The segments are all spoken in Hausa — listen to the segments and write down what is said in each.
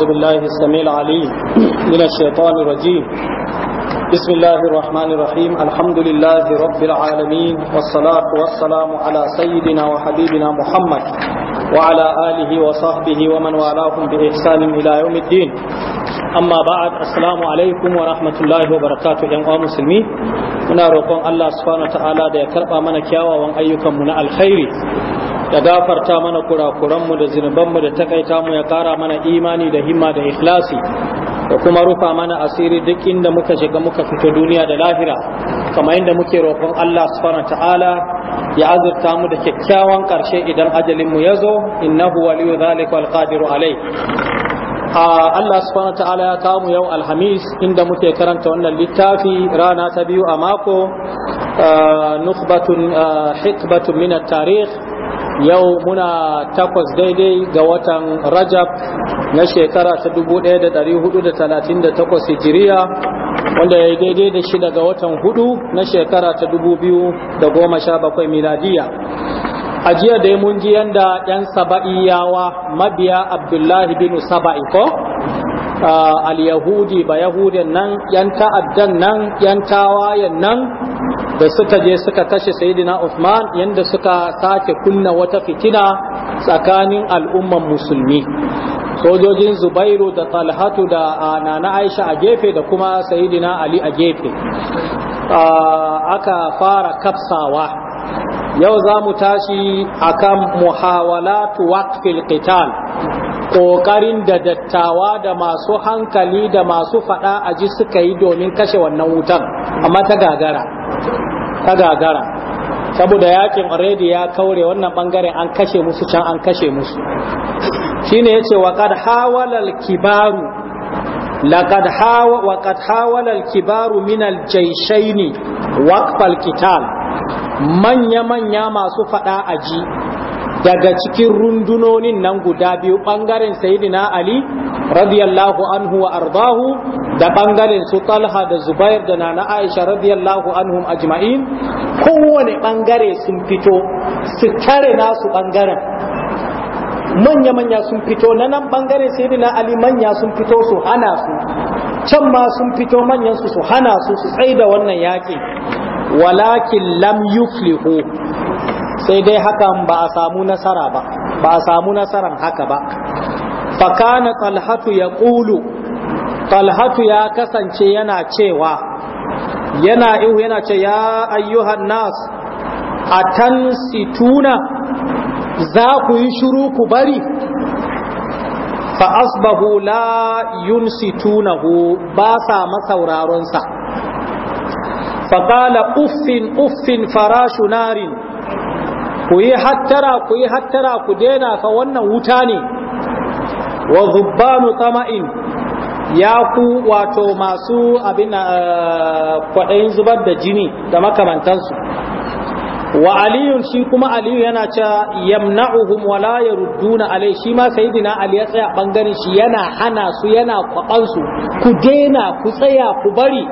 أعوذ بالله السميع العليم من الشيطان الرجيم بسم الله الرحمن الرحيم الحمد لله رب العالمين والصلاة والسلام على سيدنا وحبيبنا محمد وعلى آله وصحبه ومن والاهم بإحسان إلى يوم الدين أما بعد السلام عليكم ورحمة الله وبركاته يا مسلمين muna roƙon Allah subhanahu wataala da ya karɓa mana kyawawan ayyukanmu na alkhairi ya gafarta mana kurakuranmu da zunubanmu da takaita mu ya kara mana imani da himma da ikhlasi da kuma rufa mana asiri duk inda muka shiga muka fito duniya da lahira kamar inda muke roƙon Allah subhanahu ta'ala ya azurta mu da kyakkyawan ƙarshe idan ajalin mu ya zo innahu waliyu zalika wal qadiru alai Allah subhanahu ta'ala ya kawo mu yau alhamis inda muke karanta wannan littafi rana ta biyu a mako nukhbatun hikbatun min at-tarikh yau muna takwas daidai ga watan rajab na shekara ta 1438 hijiriya wanda ya yi daidai da shi daga watan hudu na shekara ta goma sha 2017 miladiya a jiya dai mun ji yanda 'yan saba'iyawa mabiya abdullahi bin saba'i ko al-yahudi ba yahudin nan 'yan ta'addan nan 'yan tawayen nan da suka je suka kashe sayyidina Uthman yanda suka sake kunna wata fitina tsakanin al'umman musulmi sojojin Zubairu da Talhatu da Nana Aisha a gefe da kuma sayyidina Ali a gefe aka fara kafsawa yau za mu tashi akan muhawalatu waqfil qital ƙoƙarin da dattawa da masu hankali da masu faɗa aji suka yi domin kashe wannan wutan amma ta gagara ta gagara saboda yakin already ya kaure wannan bangaren an kashe musu can an kashe musu shine yace wa qad hawala al-kibaru laqad hawa wa qad hawala al-kibaru min al-jayshaini waqf al-qital manya manya masu fada aji daga cikin rundunonin nan guda biyu bangaren sayyidina ali radiyallahu anhu wa ardahu da bangaren su talha da zubair da nana aisha radiyallahu anhum ajma'in kowane bangare sun fito su tare nasu bangaren manya-manya sun fito na nan bangare sai ali manya sun fito su hana su can ma sun fito manyan su su hana su su tsaye da wannan yaƙi walakin lam yuflihu sai dai hakan ba a samu nasara ba ba a samu nasaran haka ba fakana talhatu ya ƙulu talhatu ya kasance yana cewa yana ihu yana ce ya ayyuhan nas situna za ku yi shiru ku bari fa asbahu la yunsitunahu ba sa masauraronsa fa qala uffin uffin farashu narin ku yi hattara ku yi hattara ku dena fa wannan wuta ne wa zubbanu tama'in ya ku wato masu abin eh, kwaɗayin zubar da jini da makamantansu wa aliyun shi kuma aliyu yana ce yamna'uhum wa la yarudduna alai shi ma sayyidina ali ya tsaya bangaren shi yana hana su yana kwaban su ku dena ku tsaya ku bari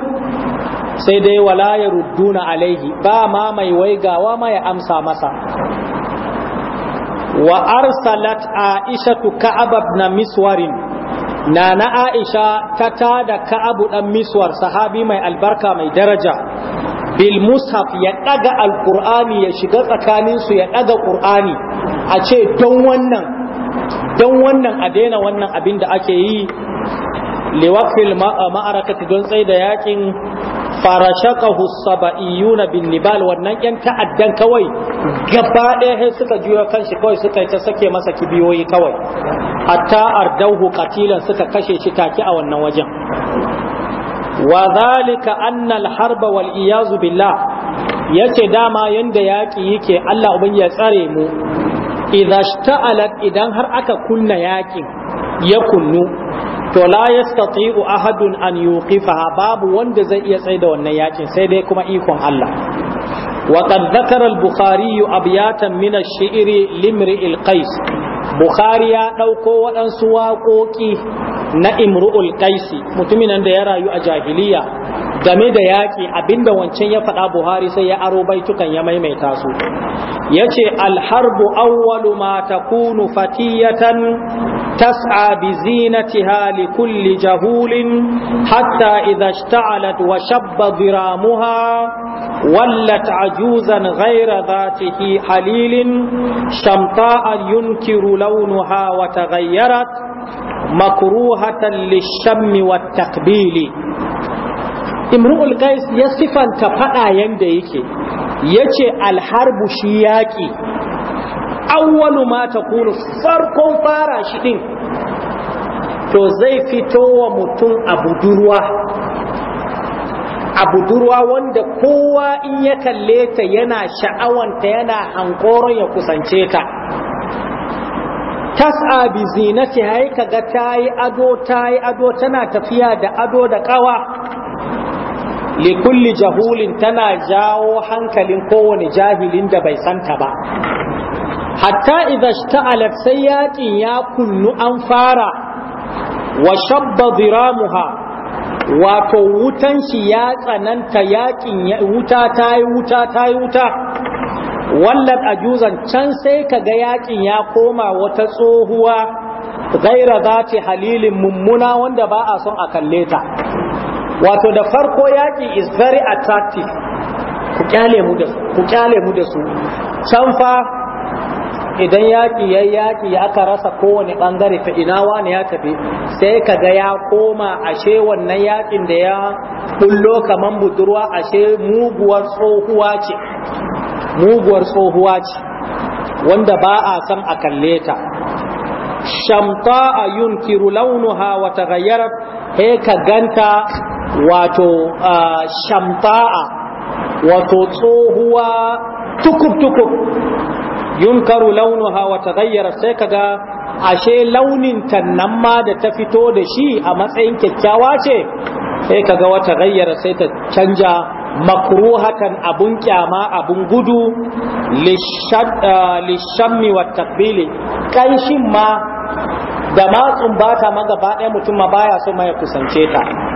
sai dai wala yarudduna alaihi ba ma mai waigawa ma ya amsa masa wa arsalat aishatu ka'ab ibn miswarin na na aisha ta tada ka'abu dan miswar sahabi mai albarka mai daraja bil mushaf ya daga alqur'ani ya shiga tsakanin su ya daga qur'ani a ce don wannan don wannan a daina wannan abin da ake yi liwafil ma'arakati don tsaida yakin farashaqahu saba'iyuna bin nibal wannan yan ta'addan kawai gaba ɗaya suka juyo kanshi kawai suka ta sake masa kibiyoyi kawai hatta ardauhu qatilan suka kashe shi take a wannan wajen wa zalika anna al-harb wal iyaz billah yace dama yanda yaki yake Allah ubin ya tsare mu idza shta'alat idan har aka kunna yakin ya kunnu to la yastati'u ahadun an yuqifaha babu wanda zai iya tsaida wannan yakin sai dai kuma ikon Allah wa qad dhakara al-bukhari abyatan min ash-shi'ri limri al-qais bukhari ya dauko waɗansu waƙoƙi na imru'ul qaisi mutumin da ya rayu a jahiliya game da yaƙi abinda wancan ya faɗa buhari sai ya aro baitukan ya maimaita su ya ce alharbu awwalu ma takunu fatiyatan tas'a bi zinatiha li kulli jahulin hatta idha ishta'alat wa shabba diramuha wallat ajuzan ghayra dhatihi halilin shamta'a yunkiru launuha wa taghayyarat makruhatan lish-shammi wat-taqbili imru'ul qais ya sifanta fada yanda yake yace alharbu shi yaki awwalu ma Kulu, farkon fara shi din to zai fito wa mutum a budurwa a budurwa wanda kowa in ya kalle ta yana sha'awanta yana hankoron ya kusance ta tas'a bi zinatiha ka ga tayi ado tayi ado tana tafiya da ado da kawa likulli jahulin tana jawo hankalin kowane jahilin da bai santa ba hatta idza shta'alat sai yaƙin ya kunnu an fara wa shabba diramuha wato wutan shi ya tsananta yakin wuta ta yi wuta ta yi wuta wallan ajuzan can sai kaga yakin ya koma wata tsohuwa gaira za halilin mummuna wanda ba a son a kalle ta wato da farko yaƙi is very attractive ku kyale mu da su ku da can fa idan yaƙi ya yaƙi aka rasa kowane bangare fa ina wani ya tafi sai ka ga ya koma ashe wannan yaƙin da ya bullo kaman budurwa ashe muguwar tsohuwa ce muguwar tsohuwa ce wanda ba a san a kalle ta shamta a yunkiru launuha wa taghayyarat he ka ganta wato shamta'a wato tsohuwa tukub-tukub yunkaru launuha wa taghayyara sai kaga ashe launin nan ma da ta fito da shi a matsayin kyakkyawa ce sai kaga wata taghayyara sai ta canja makruhatan abun kyama abun gudu lishammi wa takbili kanshin ma da matsun bata ma gaba ɗaya mutum ma baya so ma ya kusance ta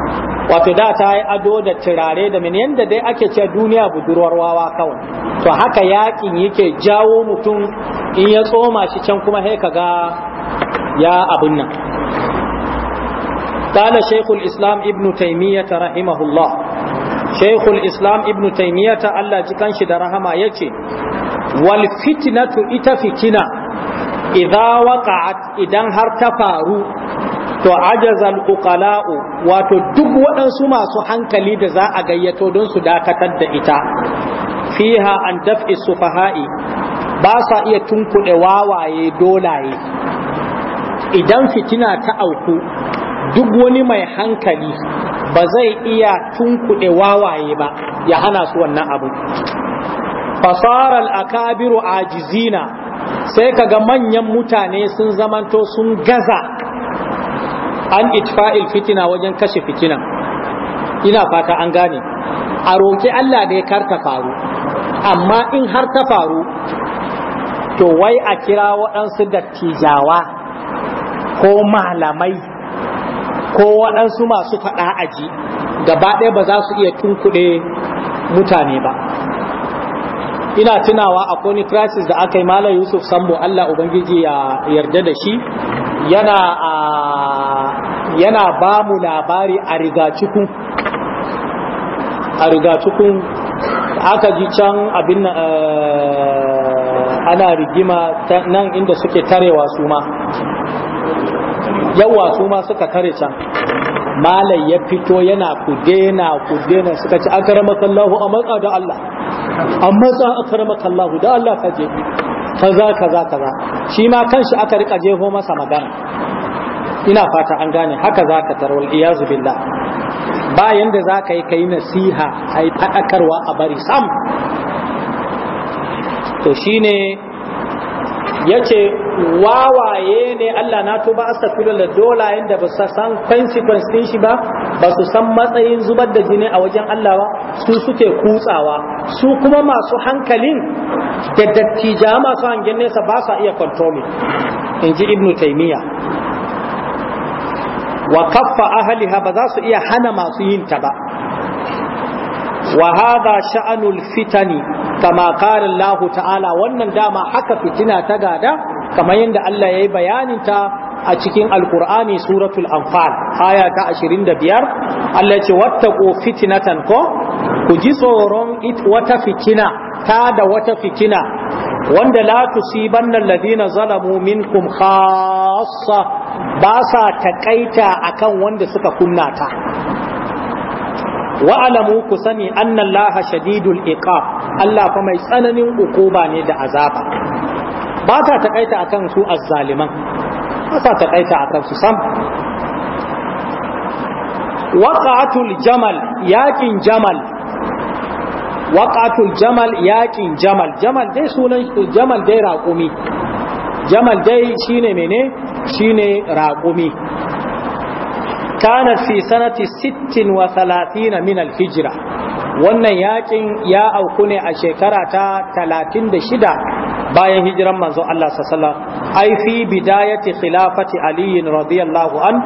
wato da ta yi ado da turare da min yadda dai ake ce duniya budurwar wawa kawai to haka yakin yake jawo mutum in ya tsoma shi can kuma sai kaga ya abun nan قال شيخ الإسلام ابن تيمية رحمه الله شيخ الإسلام ابن تيمية الله جكان شد رحمه يكي والفتنة إتفتنا idan har ta faru. to ajazal uqala'u wato duk waɗansu masu hankali da za a gayyato don su dakatar da ita fiha an daf'i sufaha'i ba sa iya tunkuɗe wawaye dolaye idan fitina ta auku duk wani mai hankali ba zai iya tunkuɗe wawaye ba ya hana su wannan abu fasarar akabiru ajizina sai kaga manyan mutane sun zamanto sun gaza an itfa'il fitina wajen kashe fitina ina fata an gane a roƙi Allah da ya karta faru amma in har ta faru to wai a kira waɗansu dattijawa ko malamai ko waɗansu masu faɗa aji gaba ɗaya ba za su iya tunkuɗe mutane ba ina tunawa a koni crisis da aka yi malam yusuf sambo allah ubangiji ya yarda da shi yana a yana ba mu labari a rigacikun a rigacikun aka ji can abin eh, ana rigima nan inda suke tarewa su ma yawa su ma suka tare can malai ya fito yana ku dena ku dena suka ci an karama kallahu a matsa da Allah an matsa an karama kallahu da Allah ka je kaza kaza kaza shi ma kanshi aka rika jeho masa magana ina fata an gane haka za ka tarwal iyazu billah ba yanda za ka yi ka nasiha a yi a bari sam to shine yace wawaye ne Allah na to astaghfirullah da dola da ba su san consequence din shi ba ba su san matsayin zubar da jini a wajen Allah ba su suke kutsawa su kuma masu hankalin da dattija masu hangen nesa ba sa iya controlling in ji ibnu taymiya wa kaffa ahliha ba za su iya hana masu yin ta ba wa hadha sha'anul fitani kama qala Allah ta'ala wannan dama haka fitina ta gada kamar yadda Allah yayi bayanin ta a cikin alqur'ani suratul anfal aya ta 25 Allah ya ce wattaqu fitnatan ko ku ji tsoron wata fitina ta da wata fitina wanda la tusibanna alladhina zalamu minkum khassa ba sa takaita akan wanda suka kunna ta wa alamu ku sani anna allaha shadidul iqab Allah fa mai tsananin ukuba ne da azaba ba ta takaita akan su azzaliman ba ta takaita akan su sam waqa'atul jamal Yaƙin jamal waqatul jamal yaƙin jamal jamal dai sunan jamal dai raƙumi jamal dai shine mene shine raƙumi kanat fi sanati 36 min al-hijra wannan yaƙin ya auku ne a shekara ta 36 bayan hijiran manzon Allah sallallahu alaihi ai fi bidayati khilafati ali radiyallahu an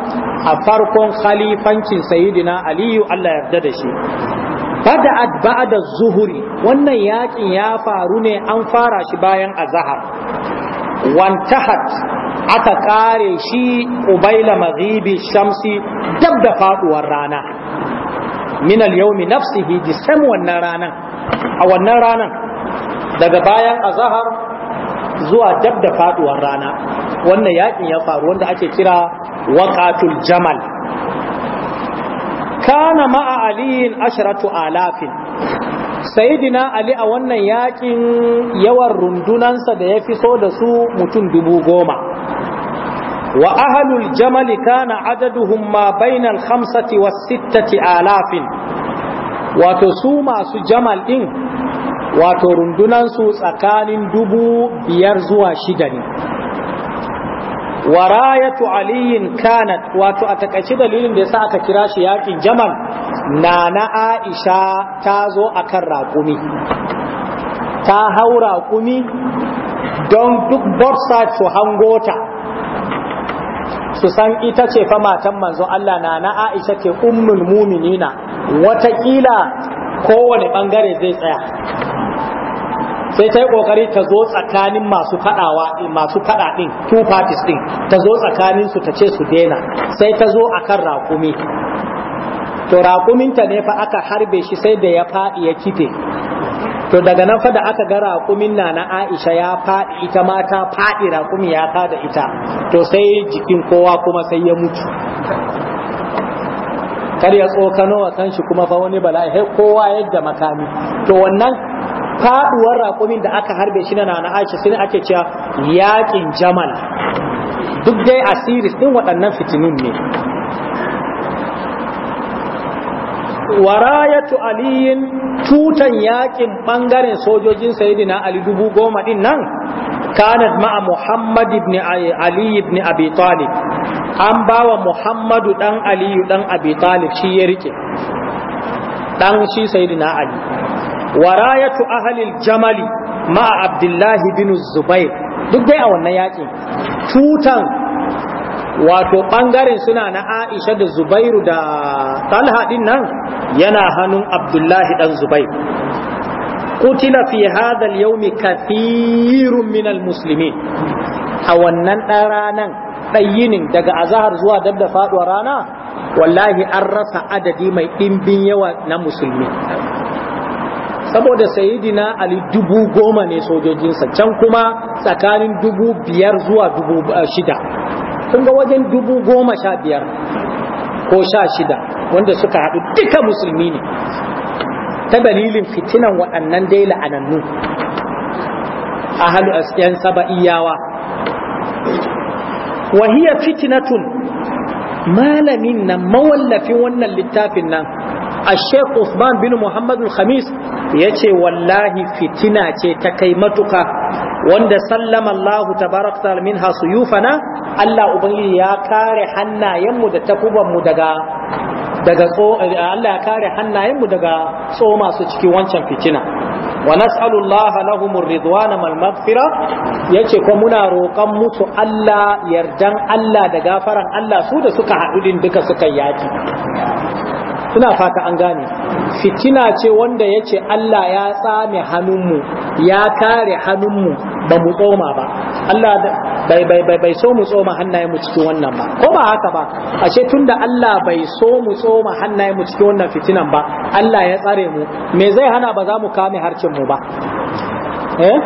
a farkon khalifancin sayyidina ali Allah yarda da shi bada'at ba'da zuhuri wannan yakin ya faru ne an fara shi bayan azhar wantahat aka kare shi qubaila maghibi shamsi dab da faduwar rana min al-yawmi nafsihi wannan ranan a wannan ranan daga bayan azhar zuwa dab da faduwar rana wannan yakin ya faru wanda ake kira waqatul jamal kana ma'a aliyin ashiratu alafin sayidina ali a wannan yakin yawan rundunansa da ya so da su mutum dubu goma wa ahalul jamali kana adaduhum ma bainal hamsati was sittati alafin wato su masu jamal din wato rundunansu tsakanin dubu biyar zuwa shida ne warayatu aliyin kanat wato a takaici dalilin da yasa aka kira shi yakin jamal na na aisha ta zo akan raƙumi ta hau raƙumi don duk borsa su hangota. ta su san ita ce fa matan manzo Allah na na aisha ke ummul muminina watakila kowane bangare zai tsaya sai ta yi kokari ta zo tsakanin masu fadawa masu fada din two parties din ta zo tsakanin su ta ce su dena sai ta zo akan rakumi to rakuminta ne fa aka harbe shi sai da ya fadi ya kife to daga nan fa da aka ga rakumin na na Aisha ya fadi ita ma ta fadi rakumi ya da ita to sai jikin kowa kuma sai ya mutu kar ya tsokano wa kanshi kuma fa wani bala'i kowa yadda makami to wannan faduwar raƙumin da aka harbe shi na nana aisha sai ake cewa yaƙin jamal duk dai asiris din waɗannan fitinin ne warayatu aliyin tutan yaƙin ɓangaren sojojin sayidina ali dubu goma ɗin nan kanat ma'a muhammad ibn ali ibn abi talib an bawa muhammadu ɗan aliyu ɗan abi talib shi ya rike ɗan shi sayidina ali warayatu ahalil jamali ma'a abdullahi bin zubair duk dai a wannan yakin tutan wato ɓangaren suna na aisha da zubairu da talha nan yana hannun abdullahi ɗan zubair Kutina fi hadha al min al a wannan dan ranan daga azahar zuwa dab da faduwar rana wallahi an rasa adadi mai ɗimbin yawa na musulmi saboda sayidina ali dubu goma ne sojojinsa can kuma tsakanin dubu biyar zuwa dubu uh, shida sun ga wajen dubu goma sha biyar ko sha shida wanda suka haɗu duka musulmi ne ta dalilin fitinan waɗannan dai la'anannu a halu yan saba'iyawa wahiya fitinatun malamin na mawallafin wannan littafin nan a sheikh Usman bin Muhammadu Khamis yace wallahi fitina ce ta kai matuka wanda sallama Allah ta min hasu yufana Allah Ubangiji ya kare hannayenmu da daga daga Allah ya kare hannayenmu daga tsoma su ciki wancan fitina wa nas'alu Allah lahum ridwana mal maghfira yace ko muna roƙan musu Allah yardan Allah da gafaran Allah su da suka haɗu din duka suka yaki Suna fata an gane fitina ce wanda ya ce Allah ya tsame hannunmu ya kare hannunmu ba mu tsoma ba Allah bai bai bai bai so mu tsoma hannaye mu cikin wannan ba ko ba haka ba ashe tunda Allah bai so mu tsoma hannaye mu cikin wannan fitinan ba Allah ya tsare mu me zai hana ba za mu kame harcin mu ba eh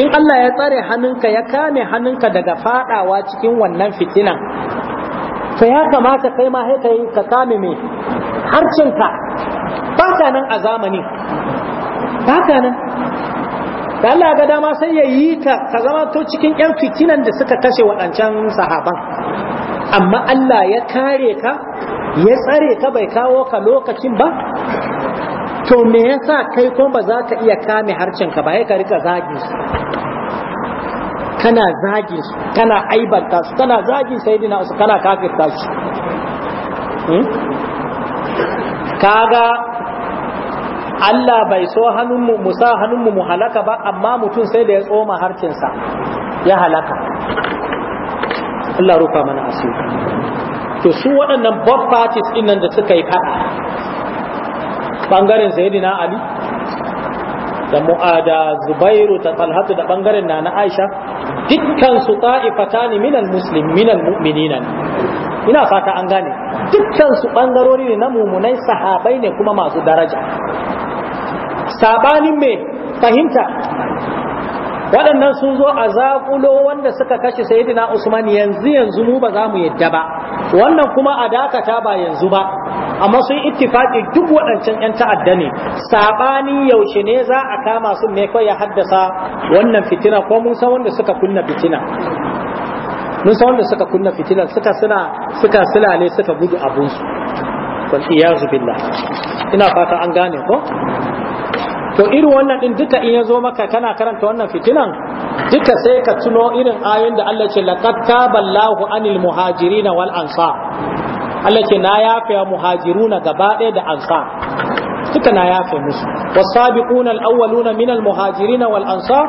in Allah ya tsare hannunka ya kame hannunka daga fadawa cikin wannan fitinan to ya kamata kai ma sai yi ka kame me harcinka ba ka nan a zamani ba ka nan da Allah ga dama sai ya yi ka ka zama to cikin yan fitinan da suka kashe waɗancan sahaban amma Allah ya kare ka ya tsare ka bai kawo ka lokacin ba to me yasa kai ko ba za ka iya kame harcinka ba ya ka rika zagin su kana zagin su kana aibanta su kana zagin sayyidina su kana kafirta su hmm? kaga Allah bai so hannunmu musa hannunmu mu halaka ba amma mutum sai da ya tsoma harcinsa ya halaka Allah rufa mana asiri to su waɗannan bob parties ɗin nan da suka yi faɗa ɓangaren sayidina Ali da mu'ada zubairu ta talhatu da bangaren na na aisha dukkan su fatani minan muslim minan mu'minina ina fata an gane dukkan su bangarori ne na mumunai sahabai ne kuma masu daraja sabanin me fahimta waɗannan sun zo a zaƙulo wanda suka kashe sayidina usman yanzu yanzu mu ba za mu yadda ba wannan kuma a dakata ba yanzu ba amma sun ittifaqi duk waɗancan ƴan ta'adda ne sabanin yaushe ne za a kama su ne kai ya haddasa wannan fitina ko mun san wanda suka kunna fitina mun san wanda suka kunna fitina suka suna suka silale suka gudu abun su wal iya billah ina fata an gane ko to irin wannan din duka in zo maka kana karanta wannan fitinan duka sai ka tuno irin ayoyin da Allah ya ce laqad taballahu anil muhajirin wal ansar Allah ce na yafe wa muhajiruna gaba ɗaya da ansar duka na yafe musu wasabiquna alawwaluna min wal ansar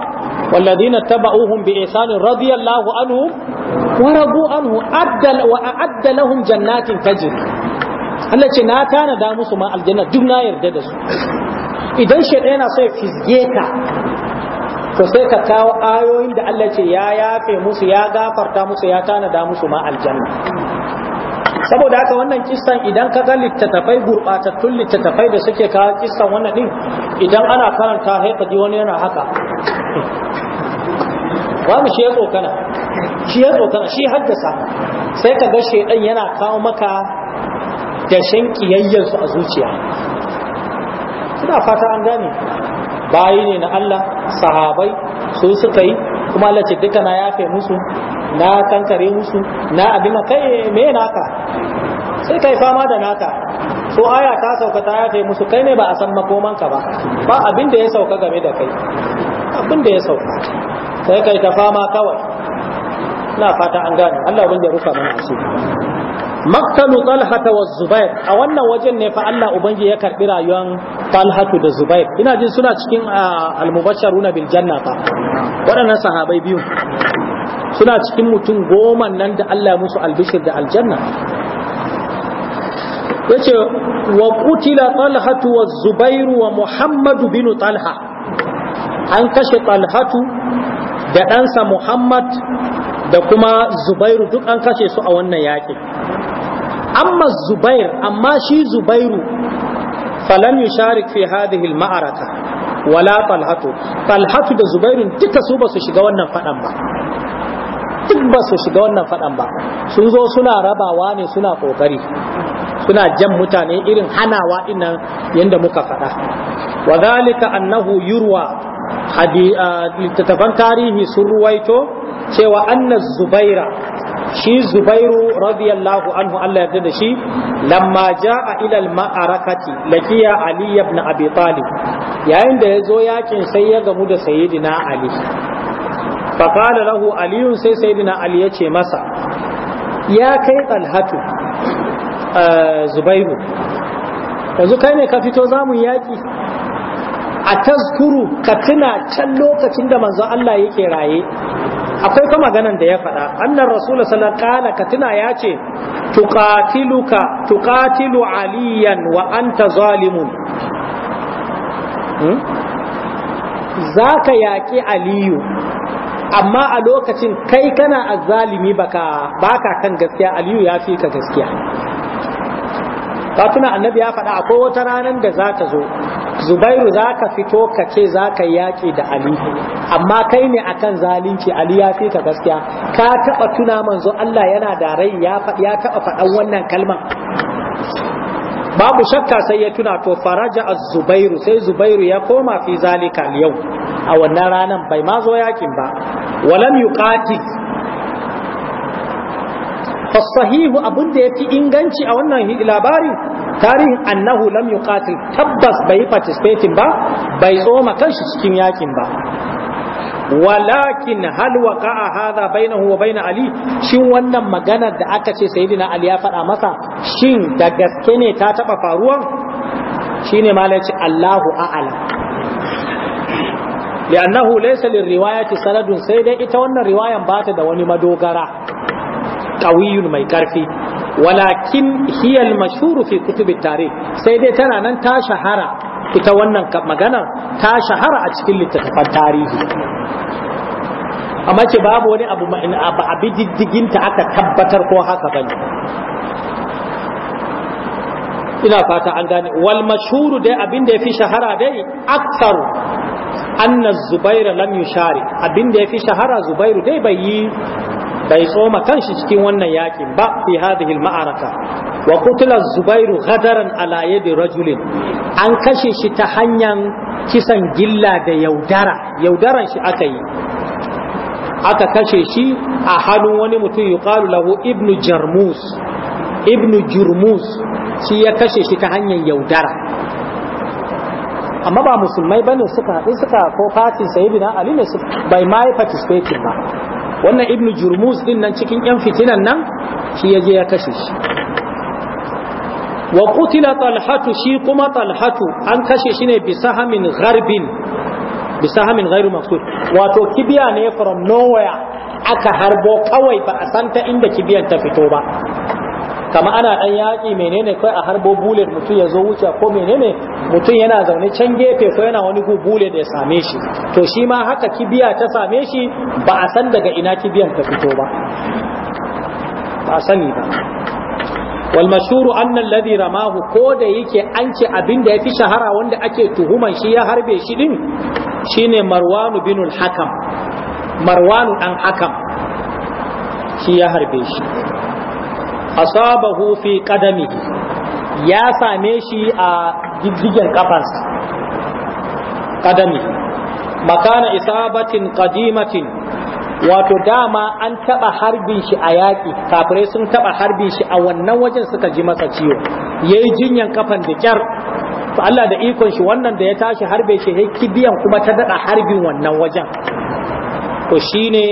na tana da musu ma aljanna duk na yarda da su idan shaidan yana so ya fizge ka to sai ka kawo ayoyin da Allah ce ya yafe musu ya gafarta musu ya tana da musu ma aljanna saboda haka wannan kissan idan ka ga littattafai gurbatattun littattafai da suke kawo kissan wannan din idan ana karanta haifa ji wani yana haka mu shi ya tsokana shi ya tsokana shi haddasa sai ka ga shaidan yana kawo maka dashen kiyayyarsu a zuciya suna fata an gane bayi ne na Allah sahabai su suka yi kuma Allah ce na yafe musu na kankare musu na abin kai me naka sai kai fama da naka so aya ta sauka ta yi musu kai ne ba a san makomanka ba ba abin da ya sauka game da kai abin da ya sauka sai kai ta fama kawai na fata an gane Allah wanda ya rufa mana asiri maktalu talhata wa zubair a wannan wajen ne fa Allah ubangi ya karbi rayuwar talhatu da zubair ina jin suna cikin ah, almubasharuna bil janna fa waɗannan sahabai biyu suna cikin mutum goma nan da Allah musu albishir da aljanna yace wa kutila talhatu wa zubairu wa muhammadu binu talha an kashe talhatu da ɗansa muhammad da kuma zubairu duk an kashe su a wannan yaƙi amma zubair amma shi zubairu falam yusharik fi hadhihi maaraka wala talhatu talhatu da zubairun duka su ba su shiga wannan faɗan ba duk ba su shiga wannan faɗan ba sun zo suna rabawa ne suna ƙoƙari suna jan mutane irin hanawa ina yadda muka faɗa wa zalika annahu yurwa littattafan tarihi sun ruwaito cewa anna zubaira shi zubairu radiyallahu anhu Allah yarda da shi lamma jaa ila al-ma'arakati lakiya ali ibn abi talib yayin da yazo yakin sai ya gamu da sayyidina ali da lahu aliyun sai sayyidina ali ya ce masa ya kai talhatu eh, zubairu yanzu kai ne ka fito zamu yaƙi a taskuru ka tuna can lokacin da manzo Allah yake raye akwai kuma maganan da ya faɗa annar rasulullah sallallahu alaihi ka tuna ya ce tuqatiluka tuqatilu aliyan wa anta zalimun hmm? ka yaƙi aliyu amma a lokacin kai kana azzalimi baka baka kan gaskiya aliyu ya fi ka gaskiya annabi ya faɗa akwai wata ranar da za ta zo zubairu za ka fito ka ce za ka yaƙi da ali amma kai ne akan zalunci ali ya fi ka gaskiya ka taɓa tuna manzo allah yana da rai ya taɓa faɗan wannan kalmar babu shakka sai ya tuna to faraja az-zubairu sai zubairu ya koma fi zalika yau a wannan ranan bai ma zo yakin ba walam yuqatil sahihu abun da yafi inganci a wannan labari tarihin annahu lam yuqatil tabbas bai participating ba bai tsoma kanshi cikin yakin ba walakin hal waqa'a hadha bainahu wa bain ali shin wannan magana da aka ce sayyidina ali ya faɗa masa shin da gaske ne ta taba faruwa shine malai ce Allahu a'lam li'annahu laysa lirriwayati sanadun sai dai ita wannan riwayan bata da wani madogara qawiyun mai karfi walakin hiya al-mashhur fi kutub at-tarikh sai dai tana nan ta shahara ita wannan magana ta shahara a cikin littattafan tarihi amma ce babu wani abu abi diddiginta aka tabbatar ko haka bane ina fata an gane wal mashhuru dai abin da yafi shahara dai akthar anna zubair lam yushari abin da yafi shahara zubairu dai bai yi bai tsoma kanshi cikin wannan yakin ba fi hadhihi ma'araka wa qutila zubairu ghadaran ala yadi rajulin an kashe shi ta hanyar kisan gilla da yaudara yaudaran shi aka yi aka kashe shi a hannun wani mutum yuqalu lahu ibnu jarmus ibnu jurmus shi ya kashe shi ta hanyar yaudara amma ba musulmai bane suka haɗu suka ko fatin sayyidina ali ne bai mai ba wannan ibnu jurmus din nan cikin yan fitinan nan shi ya je ya kashe shi wa qutila talhatu shi kuma talhatu an kashe shi ne bi hamin gharbin bisa ghairu maqsud wato kibiya ne from nowhere aka harbo kawai ba a san ta inda kibiyan ta fito ba kama ana ɗan yaki menene kai a harbo bullet mutum yazo wuce ko menene mutum yana zaune can gefe ko yana wani ku bullet ya same shi to shi ma haka kibiya ta same shi ba a san daga ina kibiyan ta fito ba ba sani ba wal mashuru anna alladhi ramahu ko da yake an ce abin da yafi shahara wanda ake tuhuman shi ya harbe shi din shine marwanu binul hakam marwanu dan hakam shi ya harbe shi asabahu fi qadami ya same shi a diddigen kafansa qadami makana isabatin qadimatin wato dama an taba harbin shi a yaki kafirai sun taba harbin shi a wannan wajen suka ji masa ciwo yayi jinyan kafan da kyar to Allah da ikon shi wannan da ya tashi harbe shi biyan kuma ta dada harbin wannan wajen to shine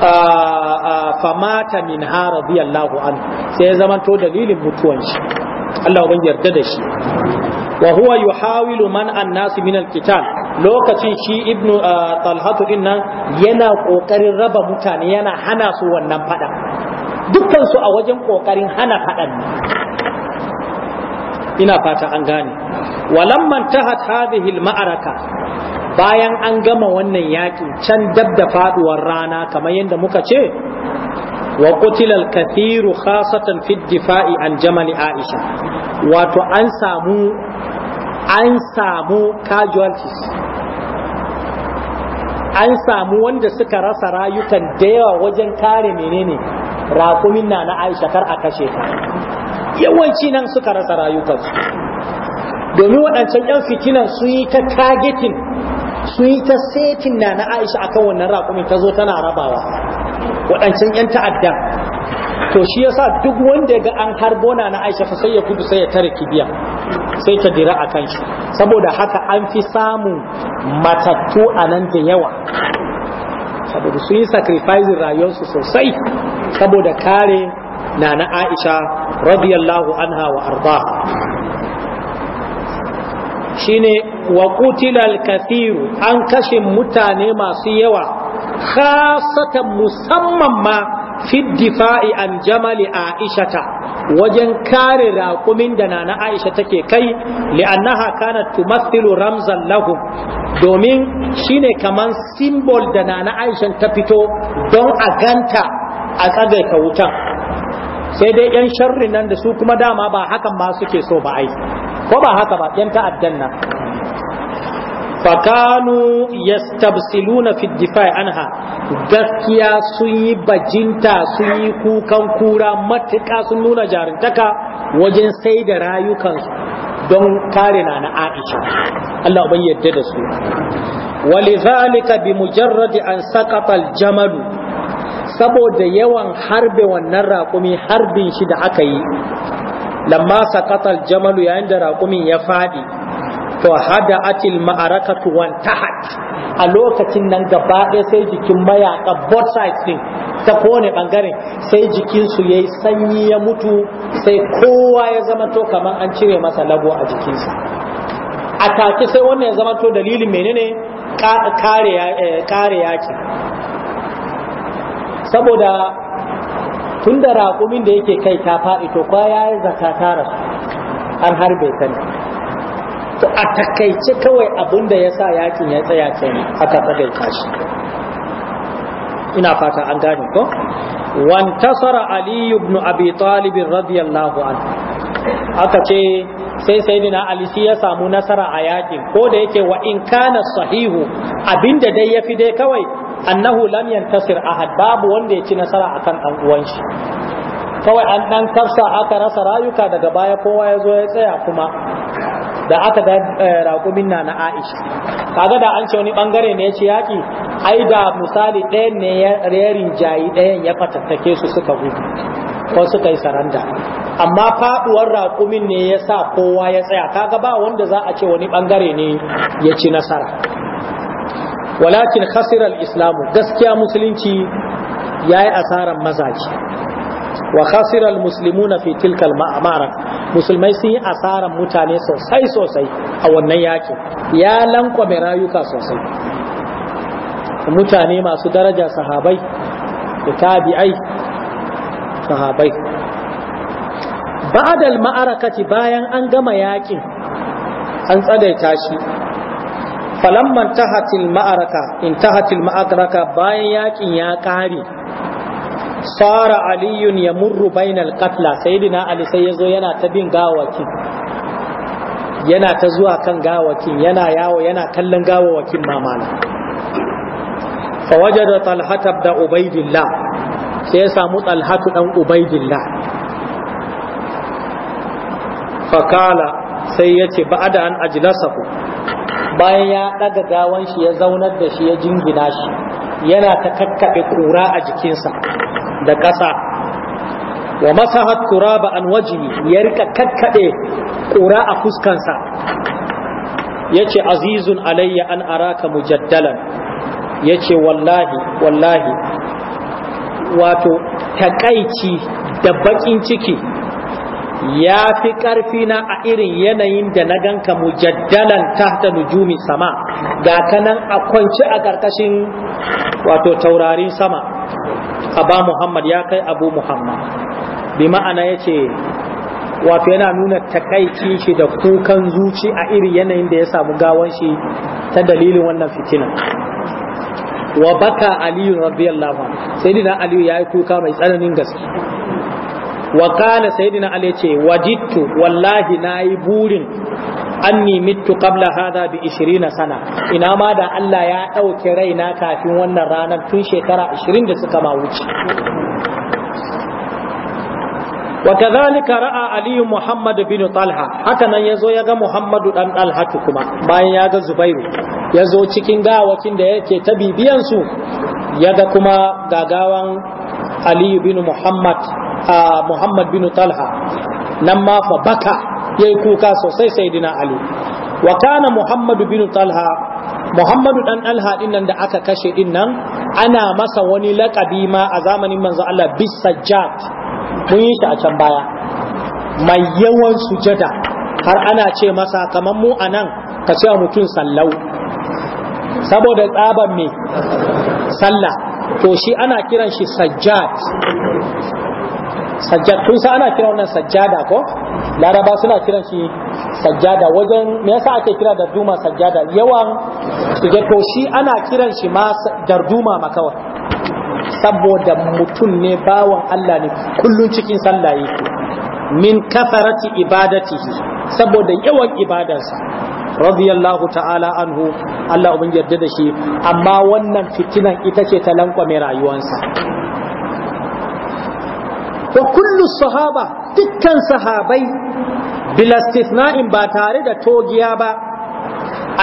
famata min ha radiyallahu an sai ya zamanto dalilin mutuwan shi Allah ban yarda da shi wa huwa yuhawilu man annas min alqital lokacin shi ibnu talhatu din yana kokarin raba mutane yana hana su wannan fada dukkan su a wajen kokarin hana fadan ina fata an gane walamman tahat hadhihi almaraka bayan an gama wannan yaƙi can dab da faduwar rana kamar yadda muka ce wa kutilal kathiru khasatan fi difa'i an jamali aisha wato an samu an samu casualties an samu wanda suka rasa rayukan da yawa wajen kare menene raƙumin na na aisha kar a kashe ta yawanci nan suka rasa rayukansu domin waɗancan 'yan fitinan sun yi ta targeting sun yi ta setin na na aisha akan wannan raƙumin ta zo tana rabawa waɗancan 'yan ta'adda to shi yasa duk wanda ya ga an harbo na na aisha sai ya gudu sai ya tare kibiya sai ta dira kan shi saboda haka an fi samun matattu a nan da yawa saboda sun yi sacrificing rayuwarsu sosai saboda kare na na aisha radiyallahu anha wa arda shine wa kutilal kathiru an kashe mutane masu yawa khasatan musamman ma fi difa'i an jamali aishata wajen kare raƙumin da na aisha take kai li'annaha kana tumathilu ramzan lahu domin shine kaman simbol da na aisha ta fito don a ganta a tsagaita wutan sai dai yan sharrin nan da su kuma dama ba hakan ma suke so ba ai ko ba haka ba yan ta'addan nan fakanu yastabsiluna fi difa'i anha gaskiya sun yi bajinta sun yi kukan kura matuƙa sun nuna jarintaka wajen sai da rayukansu don kare na,na na Aisha Allah yadda da su walizalika bi mujarradi an saqata al-jamal saboda yawan harbe wannan raƙumi harbin shi da aka yi lamma saqata al-jamal yayin da raƙumin ya fadi to hada atil ma'arakatu wan tahat a lokacin nan gaba ɗaya sai jikin mayaka both sides din ta kowane bangare sai jikinsu ya yi sanyi ya mutu sai kowa ya zama to kamar an cire masa lago a jikinsa a take sai wannan ya zama to dalilin menene kare yaki eh, saboda tun da raƙumin da yake kai ta faɗi to kwaya ya zaka tara an harbe ta ne. to a takaice kawai abin da ya sa yakin ya tsaya ke aka tsagaita kashi. ina fata an gane ko tasara ali ibn abi talib radiyallahu anhu aka ce sai sayyidina ali shi ya samu nasara a yakin ko da yake wa in kana sahihu abinda dai yafi dai kawai annahu lam yantasir ahad babu wanda ya ci nasara akan dan uwan shi kawai an dan kafsa aka rasa rayuka daga baya kowa ya zo ya tsaya kuma da aka ga eh, raƙumin na na Aisha kaga da an ce wani bangare ne ya ce yaƙi? ai da misali ɗayan ne ya jayi ɗayan ya fatattake su suka gudu ko suka yi saranda amma faɗuwar raƙumin ne ya sa kowa ya tsaya kaga ba wanda za a ce wani bangare ne ya ci nasara walakin khasiral islamu gaskiya musulunci ya yi asarar mazaji wa khasiral musulmu fi tilkal ma'amara musulmai sun yi asarar mutane sosai sosai a wannan yaki ya lankwame rayuka sosai mutane masu daraja sahabai da tabi'ai sahabai ba'adal ma'arakati bayan an gama yakin an tsagaita shi falamman tahatil ma'araka in ma'araka bayan yakin ya kare sara aliyun ya murru bainal katla sayyidina ali sai yana ta bin gawakin yana ta zuwa kan gawakin yana yawo yana kallon gawakin mamana fa wajada talhata da ubaidillah sai ya samu talhatu dan ubaidillah fa kala sai ce ba'da an ku bayan ya daga gawan shi ya zaunar da shi ya jingina shi yana ta kakkaɓe kura a jikinsa da ƙasa wa masahat turaba an wajibi ya rika kakkaɗe ƙura a fuskansa ya ce azizun alayya an araka mujaddalan ya ce wallahi wallahi wato takaici da baƙin ciki ya fi na a irin yanayin da na ganka mujaddalan ta nujumi sama ga kanan a kwanci a ƙarƙashin wato taurarin sama aba muhammad ya kai abu muhammad bi ma'ana yace ce wato yana nuna takaici shi da kukan zuci a iri yanayin da ya samu gawan shi ta dalilin wannan fitina wa baka aliyu radiyallahu anhu sayyidina aliyu yi kuka mai tsananin gaske wa kana sayyidina ali ce wajittu wallahi nayi burin anni mittu qabla hadha bi 20 sana ina ma da Allah ya dauke raina kafin wannan ranar tun shekara 20 da suka ba wuce wa kadhalika ra'a Aliyu muhammad bin talha haka nan yazo ya ga muhammadu dan talha kuma bayan ya ga zubairu yazo cikin gawakin da yake ta bibiyan su ya ga kuma gagawan ali bin muhammad muhammad bin talha nan ma fa baka yayi kuka sosai sayyidina ali wa kana muhammadu bin talha muhammadu dan talha din da aka kashe din ana masa wani laqabi ma a zamanin manzo Allah bisajjad mun yi shi a can baya mai yawan sujada har ana ce masa kamar mu anan ka ce mutum sallau saboda tsaban me sallah to shi ana kiran shi sajjat. sajjad tun sa ana kira wannan sajjada ko laraba suna kiran shi sajjada wajen me yasa ake kira da duma sajjada yawan suke to shi ana kiran shi ma darduma ma kawai saboda mutum ne bawan Allah ne kullun cikin sallah yake min kafarati ibadatihi saboda yawan ibadarsa radiyallahu ta'ala anhu Allah ubin yarda da shi amma wannan fitinan ita ce ta lankwame rayuwarsa wa kullu sahaba dukkan sahabai bilastifna'in ba tare da togiya ba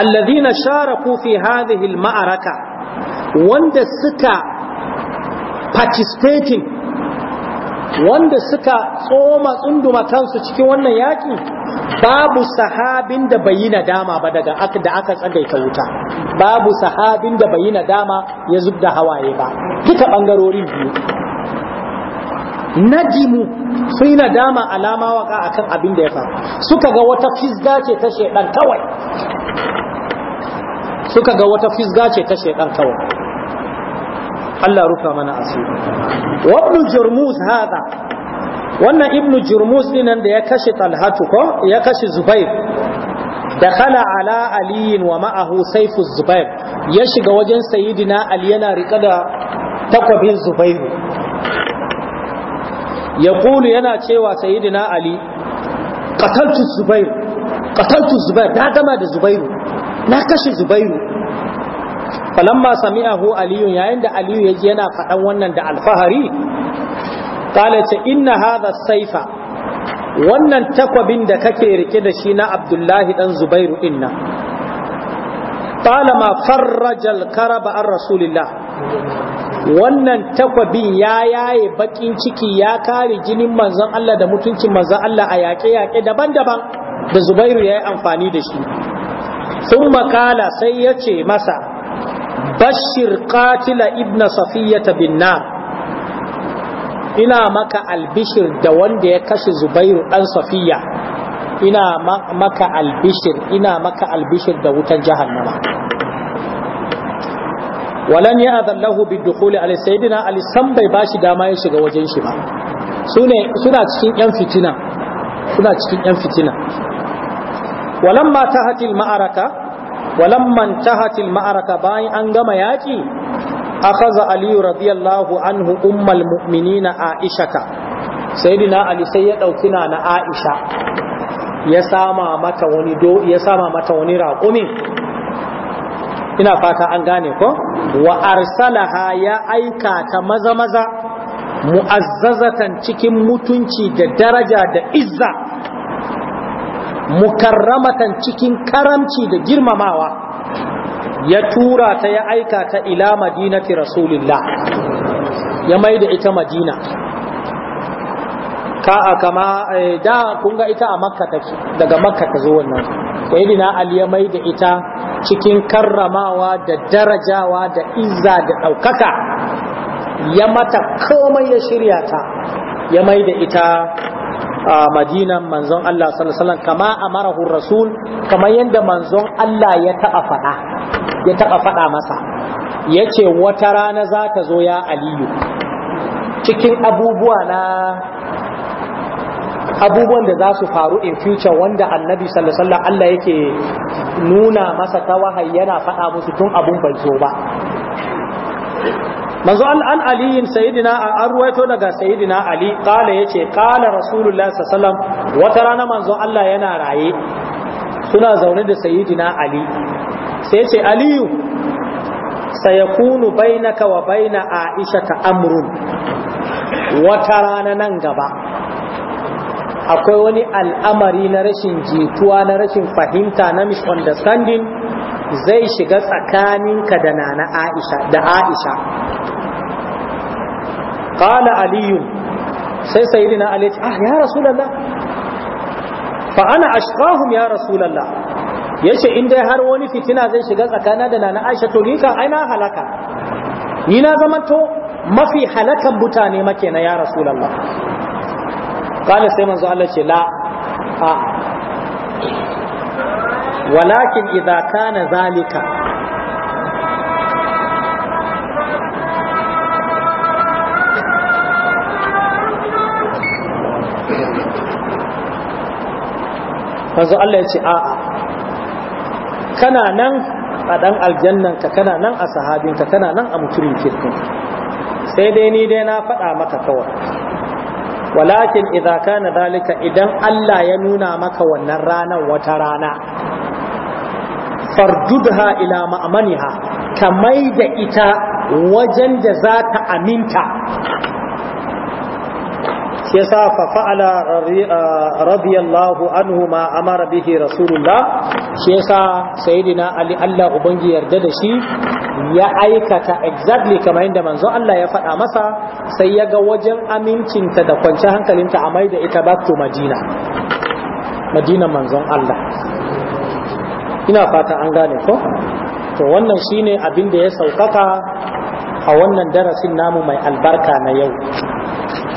alladhina sharaku fi hadhihi al-ma'araka wanda suka participating wanda suka tsoma tsunduma kansu cikin wannan yaki babu sahabin da bai yi nadama ba daga aka da aka tsagaita wuta babu sahabin da bai yi nadama ya zubda hawaye ba duka bangarorin biyu najimu sun yi nadama alama waka kan abin da ya faru suka ga wata fisga ce ta shedan kawai suka ga wata fisga ce ta shedan kawai Allah rufa mana asiri wa ibn jurmuz hada wannan ibn jurmuz dinan da ya kashe talhatu ko ya kashe zubair kala ala aliyin wa ma'ahu sayfu zubair ya shiga wajen sayidina ali yana riƙa da takwabin zubairu ya yana cewa sayidina ali ƙataltu zubairu ƙataltu zubairu na gama da zubairu na kashe zubairu falamma sami'ahu aliyu yayin da aliyu ya ji yana faɗan wannan da alfahari kala ce inna hadha saifa wannan takwabin da kake rike da shi na abdullahi dan zubairu inna Ƙalama farrajal الكرب عن رسول wannan takwabin ya yaye bakin ciki ya kare jinin manzon Allah da mutuncin manzon Allah a yaƙe-yaƙe daban-daban da Zubairu ya yi amfani da shi. Sun makala sai ya ce masa, Bashir Katila ibn Safiyyata bin na, ina maka albishir da wanda ya kashe Zubairu ɗan Safiya, ina maka albishir, ina maka albishir da wutan jahannama. walan ya adan lahu bi ali sayyidina bai bashi dama ya shiga wajen shi ba sune suna cikin yan fitina suna cikin yan fitina walamma tahatil ma'araka bayan an gama yaki akaza ali radiyallahu anhu ummal mu'minina aishaka sayyidina ali sai ya dauki na aisha ya ya sama mata wani raƙumin ina fata an gane ko wa arsalaha ya aika ta maza maza mu'azzazatan cikin mutunci da daraja da izza mukarramatan cikin karamci da girmamawa ya tura ta ya aika ta ila madinati rasulillah ya mai da ita madina ka a kama eh, da kunga ita a makka take daga makka ta zo wannan sayyidina ali ya mai da ita cikin karramawa da darajawa da izza da ɗaukaka ya mata komai ya shirya ta ya mai da ita a madinan manzon Allah sallallahu kama marahun rasul kama yadda manzon Allah ya taɓa faɗa ya taɓa faɗa masa ya ce wata rana za ta zo ya aliyu cikin abubuwa na abubuwan da za su faru in future wanda annabi sallallahu alaihi wasallam Allah yake nuna masa ta wahayi yana faɗa musu tun abun bai zo ba manzo an aliyin sayidina an ruwaito daga sayidina ali kala yace kala rasulullahi sallallahu alaihi wata rana manzo Allah yana raye suna zaune da sayidina ali sai yace aliyu sayakunu bainaka wa baina aisha ta amrun wata rana nan gaba akwai wani al'amari na rashin jituwa na rashin fahimta na misunderstanding zai shiga tsakaninka da nana aisha da aisha qala aliyu sai sayi sayyidina ali ah ya rasulullah fa ana ashqahum ya rasulullah yace in dai har wani fitina zai shiga tsakanin da nana aisha to ni kan aina halaka ni na zamanto mafi halakan mutane make na ya rasulullah kala sai manzo Allah ce la a walakin idza kana zalika manzo Allah ya ce a kana nan a dan aljannan ka kana nan a sahabin ka kana nan a mutumin kirkin sai dai ni dai na faɗa maka kawai walakin idza kana dalika idan Allah ya nuna maka wannan ranar wata rana fardudha ila ma'amaniha ka da ita wajen da za ta aminta shi yasa fa'ala radiyallahu anhu ma amara bihi rasulullah shi saidina sayyidina ali Allah ubangi yarda da shi ya aikata exactly kamar yadda manzo Allah ya faɗa masa sai ya ga wajen amincinta da kwanci hankalinta a mai da ita ba to Madina Madina manzon Allah ina fata an gane ko to wannan shine abin da ya saukaka a wannan darasin namu mai albarka na yau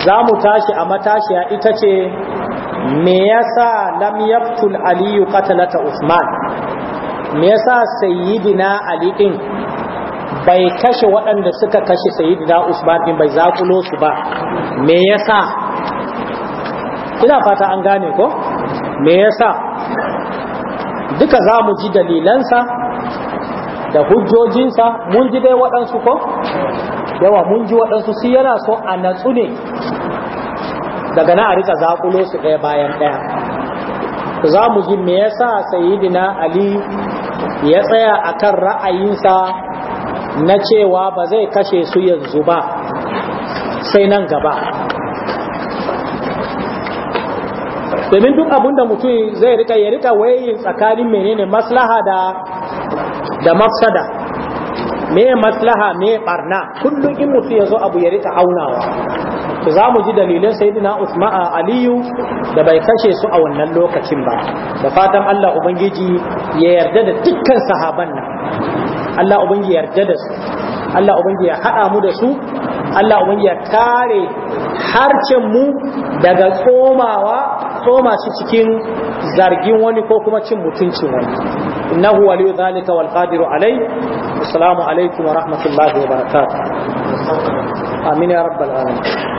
za mu tashi a matashiya ita ce me yasa lam yaqtul aliyu qatalata usman me yasa sayyidina ali din bai kashe waɗanda suka kashe sayyidina usman din bai zakulo su ba me yasa ina fata an gane ko me yasa duka za mu ji dalilansa da hujjojinsa mun ji dai waɗansu ko yawa mun ji waɗansu su yana so a natsu ne daga na a rika zakulo su ɗaya bayan ɗaya za mu ji me yasa sayyidina ali ya tsaya akan ra'ayinsa na cewa ba zai kashe su yanzu ba sai nan gaba domin duk abinda mutum zai rika ya rika wayoyin tsakanin menene maslaha da da mafsada me maslaha me barna kullum in mutum ya zo abu ya rika aunawa to za mu ji dalilan sayyidina Usman Aliyu da bai kashe su a wannan lokacin ba da fatan Allah ubangiji ya yarda da dukkan sahaban nan Allah ubangi yarda da su Allah ubangi ya hada mu da su Allah ubangi ya kare harcen mu daga tsomawa tsoma shi cikin zargin wani ko kuma cin mutuncin wani innahu waliyu zalika wal qadiru alai assalamu alaikum wa rahmatullahi wa barakatuh amin ya rabbal alamin